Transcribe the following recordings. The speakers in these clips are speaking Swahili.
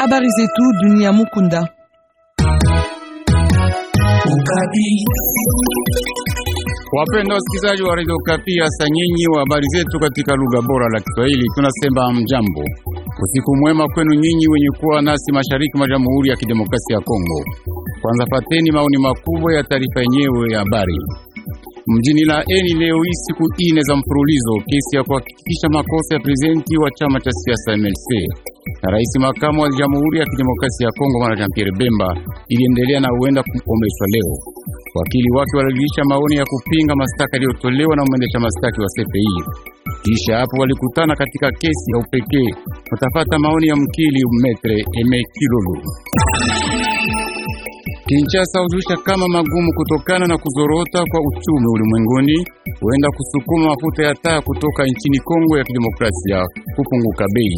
habari zetu dunia mukunda Wapenda wasikilizaji wa Radio Kapi, hasa nyinyi wa habari zetu katika lugha bora la Kiswahili, tunasema mjambo, usiku mwema kwenu nyinyi wenye kuwa nasi mashariki mwa Jamhuri ya Kidemokrasia ya Kongo. Kwanza pateni maoni makubwa ya taarifa yenyewe ya habari mjini la eni leo hii siku ine za mfululizo kesi ya kuhakikisha makosa ya prezidenti wa chama cha siasa MLC na rais makamu wa Jamhuri ya Kidemokrasia ya Kongo Bwana Jean Pierre Bemba iliendelea na huenda kukomeshwa leo. Wakili wake walirudisha maoni ya kupinga mashtaka yaliyotolewa na mwendesha mashtaki wa CPI. Kisha hapo walikutana katika kesi ya upekee. Utapata maoni ya mkili Metre Eme Kilulu. Kinshasa hujulisha kama magumu kutokana na kuzorota kwa uchumi ulimwenguni huenda kusukuma mafuta ya taa kutoka nchini Kongo ya Kidemokrasia kupunguka bei,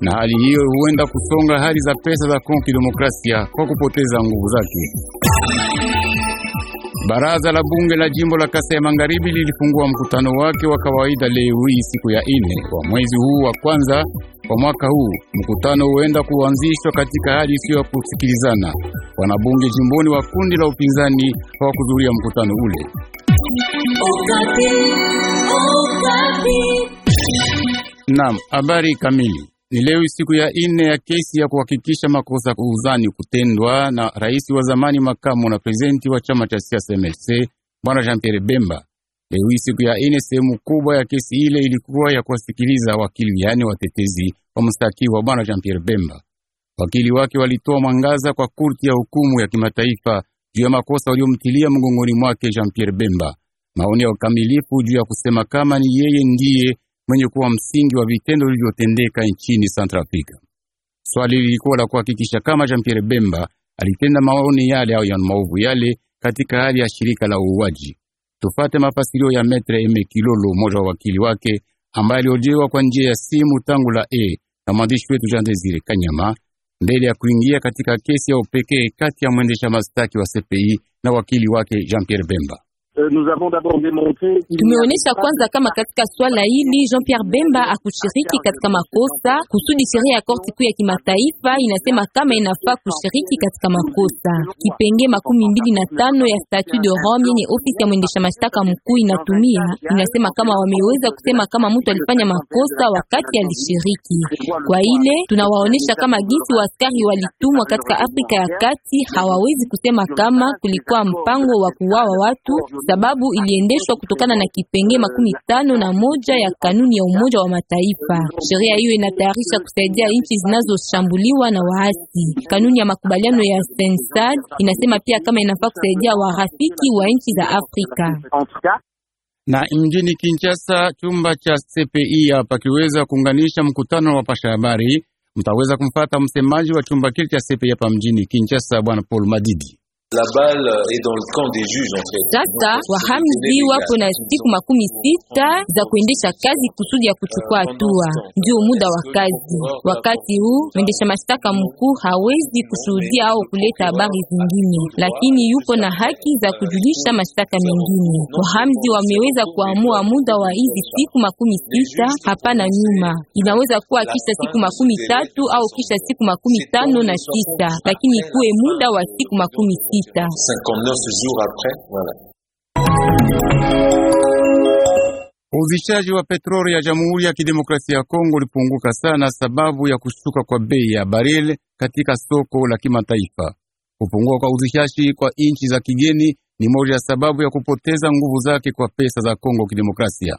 na hali hiyo huenda kusonga hali za pesa za Kongo Kidemokrasia kwa kupoteza nguvu zake. Baraza la bunge la jimbo la Kasai Magharibi lilifungua mkutano wake wa kawaida leo hii siku ya ine wa mwezi huu wa kwanza kwa mwaka huu. Mkutano huenda kuanzishwa katika hali isiyo ya kusikilizana. Wanabunge jimboni wa kundi la upinzani hawakuhudhuria mkutano ule. Naam, habari kamili ni leo siku ya ine ya kesi ya kuhakikisha makosa kuuzani kutendwa na rais wa zamani makamu na prezidenti wa chama cha siasa MLC bwana Jean Pierre Bemba. Leo siku ya ine, sehemu kubwa ya kesi ile ilikuwa ya kuwasikiliza wakili, yaani watetezi wa mstakiwa bwana Jean Pierre Bemba. Wakili wake walitoa mwangaza kwa kurti ya hukumu ya kimataifa juu ya makosa waliomtilia mgongoni mwake Jean Pierre Bemba, maoni ya ukamilifu juu ya kusema kama ni yeye ndiye mwenye kuwa msingi wa vitendo vilivyotendeka nchini Centrafrica. Swali lilikuwa la kuhakikisha kama Jean Pierre Bemba alitenda maoni yale au ya maovu yale katika hali ya shirika la uuaji. Tufate mafasirio ya Metre Eme Kilolo, mmoja wa wakili wake ambaye aliojewa kwa njia ya simu tangu la e na mwandishi wetu Jean Desire Kanyama mbele ya kuingia katika kesi ya upekee kati ya mwendesha mashtaki wa CPI na wakili wake Jean Pierre Bemba. Euh, Tumeonyesha kwanza kama katika swala hili Jean Pierre Bemba akushiriki katika makosa kusudi sheria ya korti kuu ya kimataifa inasema kama inafaa kushiriki katika makosa. Kipenge makumi mbili na tano ya statut de Rome yenye ofisi ya mwendesha mashtaka mkuu inatumia inasema kama wameweza kusema kama mtu alifanya makosa wakati alishiriki. Kwa ile tunawaonyesha kama jinsi waaskari walitumwa katika Afrika ya Kati hawawezi kusema kama kulikuwa mpango wa kuwawa watu sababu iliendeshwa kutokana na kipenge makumi tano na moja ya kanuni ya Umoja wa Mataifa. Sheria hiyo inatayarisha kusaidia nchi zinazoshambuliwa na waasi. Kanuni ya makubaliano ya SENSAD inasema pia kama inafaa kusaidia warafiki wa nchi za Afrika na mjini Kinshasa, chumba cha CPI hapa kiweza kuunganisha mkutano wa pasha habari. Mtaweza kumfata msemaji wa chumba kile cha CPI hapa mjini Kinshasa, bwana Paul Madidi. Sasa wahamzi wapo na siku makumi sita za kuendesha kazi kusudi ya kuchukua euh, hatua, ndio muda wa kazi. Wakati huu mwendesha mashtaka mkuu hawezi kushuhudia au kuleta habari zingine, lakini yupo na haki za kujulisha mashtaka mengine. Wahamzi wameweza kuamua muda wa hizi siku makumi sita, hapana nyuma. Inaweza kuwa kisha siku makumi tatu au kisha siku makumi tano na sita, lakini kuwe muda wa siku makumi sita. Lolita. 59 jours après, voilà. Uvishaji wa petroli ya Jamhuri ya Kidemokrasia ya Kongo ulipunguka sana sababu ya kushuka kwa bei ya baril katika soko la kimataifa. Kupungua kwa uzishaji kwa inchi za kigeni ni moja ya sababu ya kupoteza nguvu zake kwa pesa za Kongo Kidemokrasia.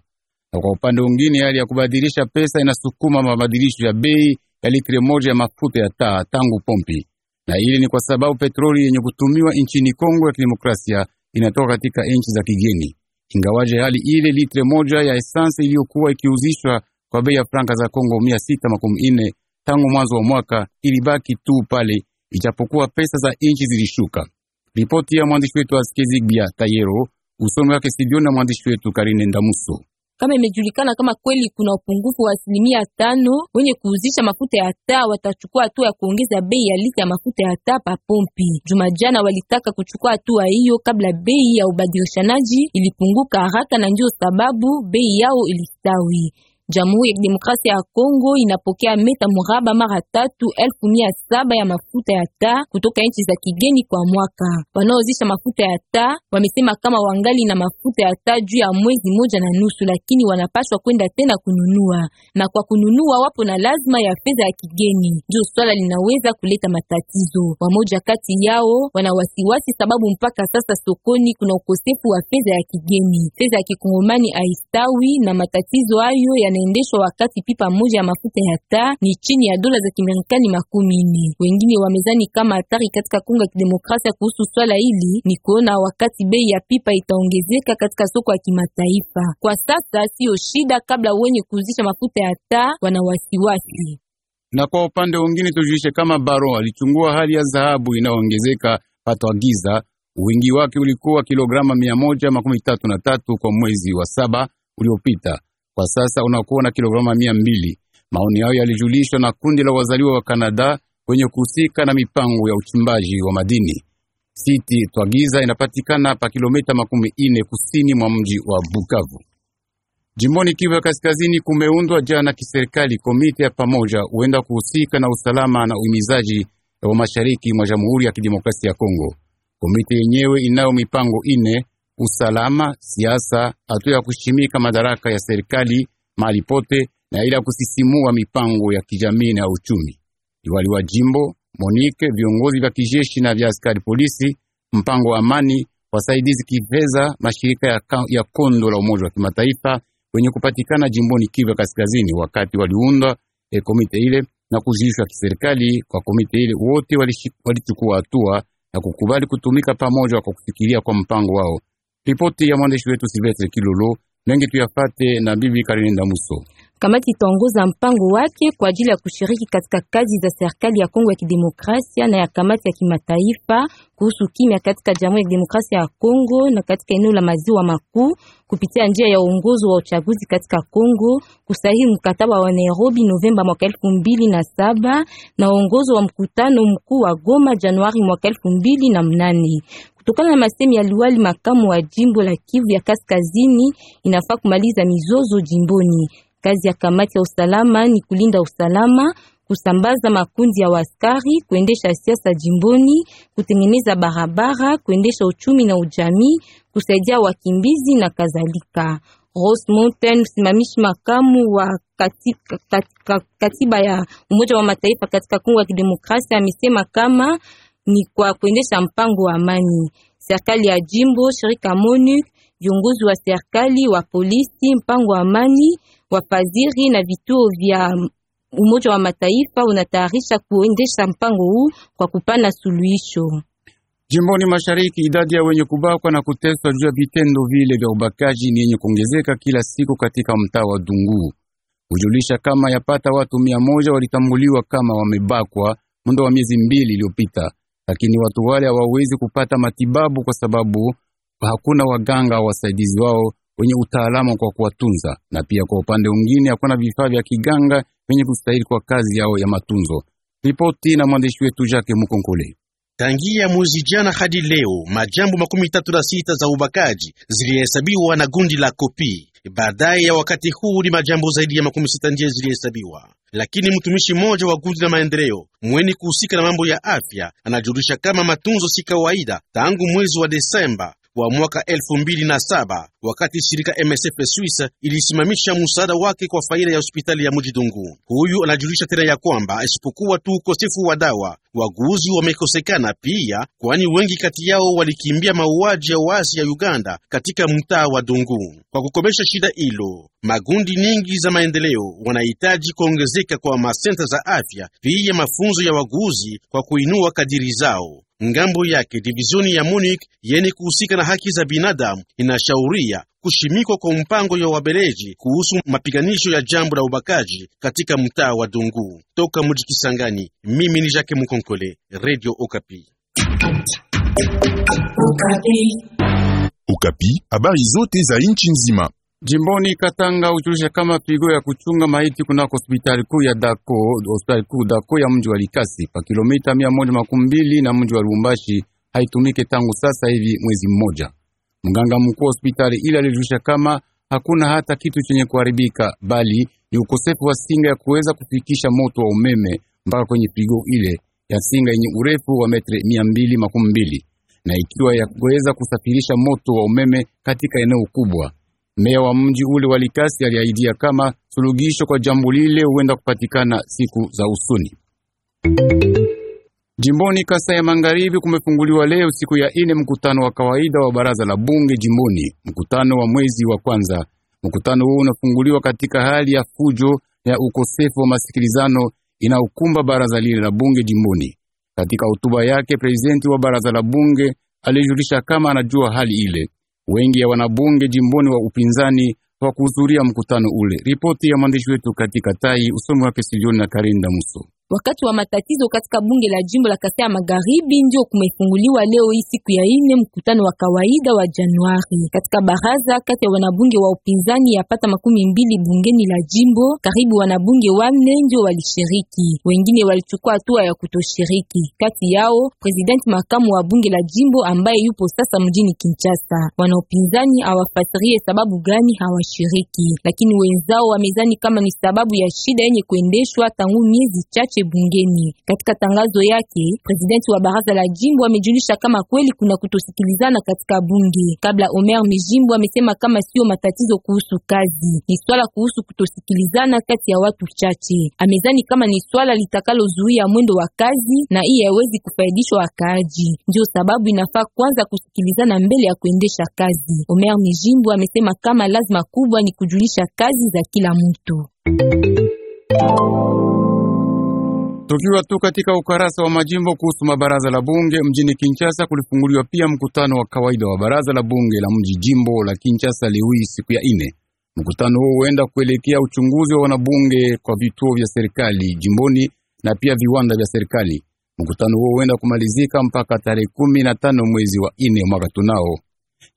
Na kwa upande mwingine, hali ya kubadilisha pesa inasukuma mabadilisho ya bei ya litri moja ya mafuta ya taa tangu pompi na ili ni kwa sababu petroli yenye kutumiwa nchini Kongo ya Kidemokrasia inatoka katika nchi za kigeni. Ingawaje hali ile, litre moja ya esansi iliyokuwa ikiuzishwa kwa bei ya franka za Kongo 64 tangu mwanzo wa mwaka ilibaki tu pale, ijapokuwa pesa za nchi zilishuka. Ripoti ya mwandishi wetu Askezigbia Tayero, usomi wake Sidioni na mwandishi wetu Karine Ndamuso kama imejulikana kama kweli kuna upungufu wa asilimia tano wenye kuuzisha mafuta ya taa watachukua hatua ya kuongeza bei ya lita ya mafuta ya taa pa pompi. Jumajana walitaka kuchukua hatua hiyo kabla bei ya ubadilishanaji ilipunguka haraka, na ndio sababu bei yao ilistawi. Jamhuri ya Kidemokrasia ya Kongo inapokea meta mraba mara tatu elfu mia saba ya mafuta ya taa kutoka nchi za kigeni kwa mwaka. Wanaozisha mafuta ya taa wamesema kama wangali na mafuta ya taa juu ya mwezi moja na nusu, lakini wanapaswa kwenda tena kununua, na kwa kununua wapo na lazima ya fedha ya kigeni. Ndio swala linaweza kuleta matatizo. Wamoja kati yao wana wasiwasi sababu mpaka sasa sokoni kuna ukosefu wa fedha ya kigeni. Fedha ya kikongomani haistawi na matatizo hayo ya yanaendeshwa wakati pipa moja ya mafuta ya taa ni chini ya dola za Kimarekani makumi nne. Wengine wamezani kama hatari katika Kongo ya Kidemokrasia kuhusu swala hili ni kuona wakati bei ya pipa itaongezeka katika soko ya kimataifa. Kwa sasa siyo shida, kabla wenye kuuzisha mafuta ya taa wana wasiwasi na kwa upande mwingine tujulishe kama Baro alichungua hali ya dhahabu inayoongezeka giza Wingi wake ulikuwa kilograma mia moja makumi tatu na tatu kwa mwezi wa saba uliopita kwa sasa unakuwa na kilograma mia mbili. Maoni hayo yalijulishwa na kundi la wazaliwa wa Kanada wenye kuhusika na mipango ya uchimbaji wa madini. Siti Twagiza inapatikana pa kilomita makumi ine kusini mwa mji wa Bukavu. Jimboni Kivu ya Kaskazini kumeundwa jana kiserikali komite ya pamoja huenda kuhusika na usalama na uhimizaji wa mashariki mwa Jamhuri ya Kidemokrasia ya Kongo. Komite yenyewe inayo mipango ine usalama, siasa, hatua ya kushimika madaraka ya serikali mahali pote, na ila kusisimua mipango ya kijamii na uchumi. Liwali wa jimbo Monique, viongozi vya kijeshi na vya askari polisi, mpango wa amani, wasaidizi kifedha, mashirika ya, ya kondo la Umoja wa Kimataifa wenye kupatikana jimboni Kivu Kaskazini. Wakati waliunda e komite ile na kuzishwa kiserikali kwa komite ile, wote walichukua hatua na kukubali kutumika pamoja kwa kufikiria kwa mpango wao. Ripoti ya mwandishi wetu Silvestre Kilolo mengi tuyafate na bibi Karine Ndamuso. Kamati itaongoza mpango wake kwa ajili ya kushiriki katika kazi za serikali ya Kongo ya Kidemokrasia na ya kamati ya kimataifa kuhusu kimya katika Jamhuri ya Kidemokrasia ya Kongo na katika eneo la maziwa makuu kupitia njia ya uongozo wa uchaguzi katika Kongo, kusahihi mkataba wa Nairobi Novemba mwaka 2007 na uongozo wa mkutano mkuu wa Goma Januari mwaka 2008. Kutokana na masemi ya liwali makamu wa jimbo la Kivu ya Kaskazini, inafaa kumaliza mizozo jimboni. Kazi ya kamati ya usalama ni kulinda usalama, kusambaza makundi ya waskari, kuendesha siasa jimboni, kutengeneza barabara, kuendesha uchumi na ujamii, kusaidia wakimbizi na kadhalika. Rose Mountain, msimamishi makamu wa katika, katika, katiba ya Umoja wa Mataifa katika Kongo ya Kidemokrasia, amesema kama ni kwa kuendesha mpango wa amani. Serikali ya jimbo, shirika MONU, viongozi wa serikali, wa polisi, mpango wa amani, wafadhili na vituo vya Umoja wa Mataifa unatayarisha kuendesha mpango huu kwa kupana suluhisho. Jimboni mashariki, idadi ya wenye kubakwa na kuteswa juu ya vitendo vile vya ubakaji ni yenye kuongezeka kila siku katika mtaa wa Dungu. Hujulisha kama yapata watu mia moja walitambuliwa kama wamebakwa muda wa miezi mbili iliyopita lakini watu wale hawawezi kupata matibabu kwa sababu hakuna waganga wasaidizi wao wenye utaalamu kwa kuwatunza, na pia kwa upande mwingine hakuna vifaa vya kiganga vyenye kustahili kwa kazi yao ya matunzo. Ripoti na mwandishi wetu Jacques Mukonkole. Tangia mwezi jana hadi leo majambo makumi tatu na sita za ubakaji zilihesabiwa na gundi la Kopi. Baadaye ya wakati huu ni majambo zaidi ya makumi sita ndiye zilihesabiwa, lakini mtumishi mmoja wa gundi la maendeleo mweni kuhusika na mambo ya afya anajulisha kama matunzo si kawaida tangu mwezi wa Desemba wa mwaka elfu mbili na saba wakati shirika MSF Swiss ilisimamisha msaada wake kwa faida ya hospitali ya Mujidungu. Huyu anajulisha tena ya kwamba isipokuwa tu ukosefu wa dawa, waguzi wamekosekana pia, kwani wengi kati yao walikimbia mauaji ya waasi ya Uganda katika mtaa wa Dungu. Kwa kukomesha shida hilo, magundi nyingi za maendeleo wanahitaji kuongezeka kwa masenta za afya, pia mafunzo ya waguzi kwa kuinua kadiri zao. Ngambo yake divizioni ya Munich yenye kuhusika na haki za binadamu inashauria kushimikwa kwa mpango ya wabeleji kuhusu mapiganisho ya jambo la ubakaji katika mtaa wa Dungu. Toka mji Kisangani, mimi ni Jacques Mukonkole, Radio Okapi. Okapi, habari zote za nchi nzima Jimboni Katanga uchulisha kama pigo ya kuchunga maiti kuna hospitali kuu ya Dako, hospitali kuu Dako ya mji wa Likasi pa kilomita mia na mji wa Lubumbashi haitumike tangu sasa hivi mwezi mmoja. Mganga mkuu wa hospitali ile alijulisha kama hakuna hata kitu chenye kuharibika, bali ni ukosefu wa singa ya kuweza kufikisha moto wa umeme mpaka kwenye pigo ile ya singa yenye urefu wa metri mia mbili na ikiwa ya kuweza kusafirisha moto wa umeme katika eneo kubwa Meya wa mji ule wa Likasi aliahidia kama suluhisho kwa jambo lile huenda kupatikana siku za usuni. Jimboni Kasai ya Magharibi kumefunguliwa leo siku ya ine mkutano wa kawaida wa baraza la bunge jimboni, mkutano wa mwezi wa kwanza. Mkutano huu unafunguliwa katika hali ya fujo ya ukosefu wa masikilizano inaokumba baraza lile la bunge jimboni. Katika hotuba yake, prezidenti wa baraza la bunge alijulisha kama anajua hali ile wengi ya wanabunge jimboni wa upinzani hawakuhudhuria mkutano ule. Ripoti ya mwandishi wetu katika Tai usomi wake Silioni na Karinda Muso wakati wa matatizo katika bunge la jimbo la Kasai ya Magharibi, ndio kumefunguliwa leo hii siku ya ine mkutano wa kawaida wa Januari katika baraza kati ya wanabunge wa upinzani ya pata makumi mbili bungeni la jimbo. Karibu wanabunge wanne ndio walishiriki, wengine walichukua hatua ya kutoshiriki. Kati yao presidenti makamu wa bunge la jimbo ambaye yupo sasa mjini Kinshasa. Wanaupinzani hawafasirie sababu gani hawashiriki, lakini wenzao wamezani kama ni sababu ya shida yenye kuendeshwa tangu miezi chache wake bungeni. Katika tangazo yake, presidenti wa baraza la jimbo amejulisha kama kweli kuna kutosikilizana katika bunge. Kabla Omer Mijimbo amesema kama sio matatizo kuhusu kazi, ni swala kuhusu kutosikilizana kati ya watu chache. Amezani kama ni swala litakalozuia mwendo wa kazi na iye hawezi kufaidishwa wakaaji, ndio sababu inafaa kwanza kusikilizana mbele ya kuendesha kazi. Omer Mijimbo amesema kama lazima kubwa ni kujulisha kazi za kila mtu. Tukiwa tu katika ukarasa wa majimbo kuhusu mabaraza la bunge mjini Kinshasa, kulifunguliwa pia mkutano wa kawaida wa baraza la bunge la mji jimbo la Kinshasa liwi siku ya ine. Mkutano huo huenda kuelekea uchunguzi wa wanabunge kwa vituo vya serikali jimboni na pia viwanda vya serikali. Mkutano huo huenda kumalizika mpaka tarehe kumi na tano mwezi wa ine mwaka tunao.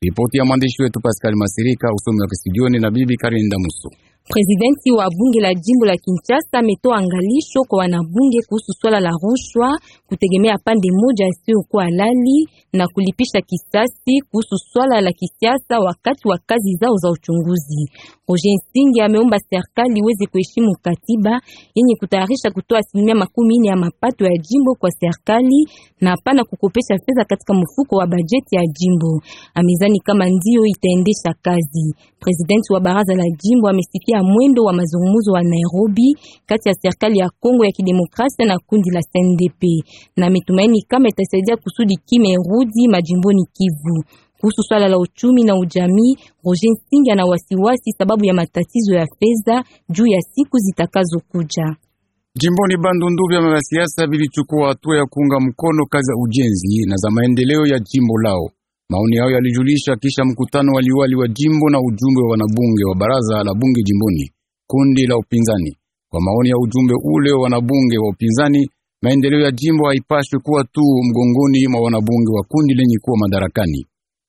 Ripoti ya mwandishi wetu Pascal Masirika, usomi wa kistudioni na bibi Karinda Muso. Presidenti wa bunge la jimbo la Kinshasa ametoa angalisho kwa wanabunge kuhusu swala la rushwa, kutegemea pande moja isiyokuwa halali na kulipisha kisasi kuhusu swala la kisiasa wakati wa kazi zao za uchunguzi. Roger Nsingi ameomba serikali iweze kuheshimu katiba yenye kutayarisha kutoa asilimia makumi nne ya mapato ya jimbo kwa serikali na hapana kukopesha fedha katika mfuko wa bajeti ya jimbo. Amezani kama ndio itaendesha kazi. Presidenti wa baraza la jimbo amesikia ya mwendo wa mazungumzo wa Nairobi kati ya serikali ya Kongo ya Kidemokrasia na kundi la CNDP, na mitumaini kama itasaidia kusudi kime rudi majimboni Kivu. Kuhusu swala la uchumi na ujamii, Roger Singa na wasiwasi sababu ya matatizo ya fedha juu ya siku zitakazokuja. Jimboni Bandundu, vyama vya siasa vilichukua hatua ya kuunga mkono kazi za ujenzi na za maendeleo ya jimbo lao. Maoni hayo yalijulisha kisha mkutano wa liwali wa jimbo na ujumbe wa wanabunge wa baraza la bunge jimboni, kundi la upinzani. Kwa maoni ya ujumbe ule wa wanabunge wa upinzani, maendeleo ya jimbo haipashwi kuwa tu mgongoni mwa wanabunge wa kundi lenye kuwa madarakani.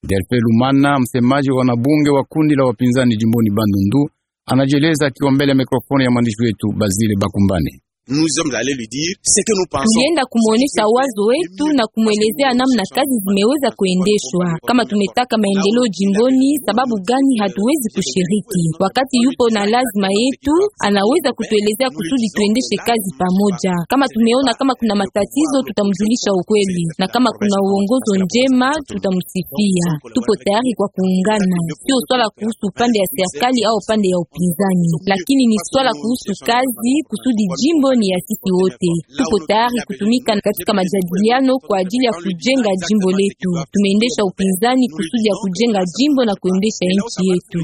Delpe Lumana, msemaji wa wanabunge wa kundi la wapinzani jimboni Bandundu, anajieleza akiwa mbele ya mikrofoni ya mwandishi wetu Bazile Bakumbane nous sommes allés lui dire ce que nous pensons. Tulienda kumwonyesha wazo wetu na kumwelezea namna kazi zimeweza kuendeshwa, kama tumetaka maendeleo jimboni, sababu gani hatuwezi kushiriki. Wakati yupo na lazima yetu, anaweza kutuelezea kusudi tuendeshe kazi pamoja. Kama tumeona kama kuna matatizo, tutamjulisha ukweli, na kama kuna uongozo njema, tutamsifia. Tupo tayari kwa kuungana, sio swala kuhusu pande ya serikali au pande ya upinzani, lakini ni swala kuhusu kazi kusudi jimbo ni ya sisi wote. Tupo tayari kutumika katika majadiliano kwa ajili ya kujenga jimbo letu. Tumeendesha upinzani kusudi ya kujenga jimbo na kuendesha nchi yetu.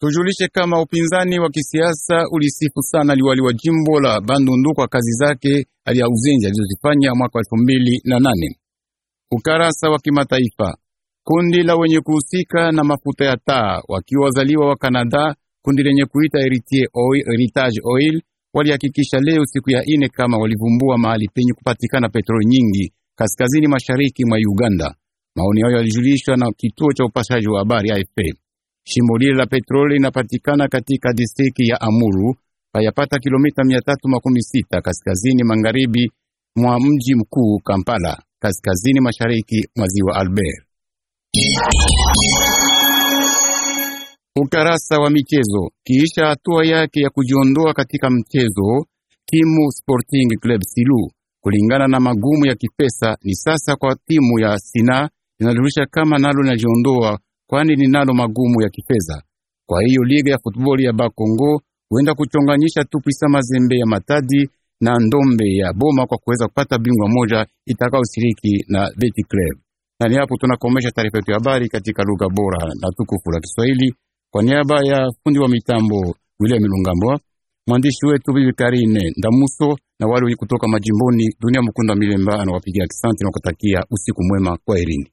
Tujulishe kama upinzani wa kisiasa ulisifu sana liwali wa jimbo la Bandundu kwa kazi zake aliya uzinzi alizozifanya mwaka wa elfu mbili na nane. Ukarasa wa kimataifa kundi la wenye kuhusika na mafuta ya taa wakiwa wazaliwa wa Kanada, kundi lenye kuita Oil, Heritage Oil walihakikisha leo siku ya ine kama walivumbua mahali penye kupatikana petroli nyingi kaskazini mashariki mwa Uganda. Maoni hayo yalijulishwa na kituo cha upashaji wa habari AFP. shimo lile la petroli linapatikana katika distriki ya Amuru payapata kilomita 316 kaskazini magharibi mwa mji mkuu Kampala, kaskazini mashariki mwa ziwa Albert ukarasa wa michezo. Kisha hatua yake ya kujiondoa katika mchezo, timu Sporting Club Silu kulingana na magumu ya kipesa ni sasa kwa timu ya Sina linalojulisha kama nalo linajiondoa, kwani nalo magumu ya kifedha. Kwa hiyo liga ya futboli ya Bakongo huenda kuchonganyisha tu Mazembe ya Matadi na Ndombe ya Boma kwa kuweza kupata bingwa moja itakayoshiriki na Beti Na ni hapo tunakomesha taarifa yetu ya habari katika lugha bora na tukufu la Kiswahili. Kwa niaba ya fundi wa mitambo William Lungambo, mwandishi wetu Bibi Karine Ndamuso na wale kutoka majimboni, Dunia Mukunda Milemba anawapigia asante na kutakia usiku mwema kwa Irini.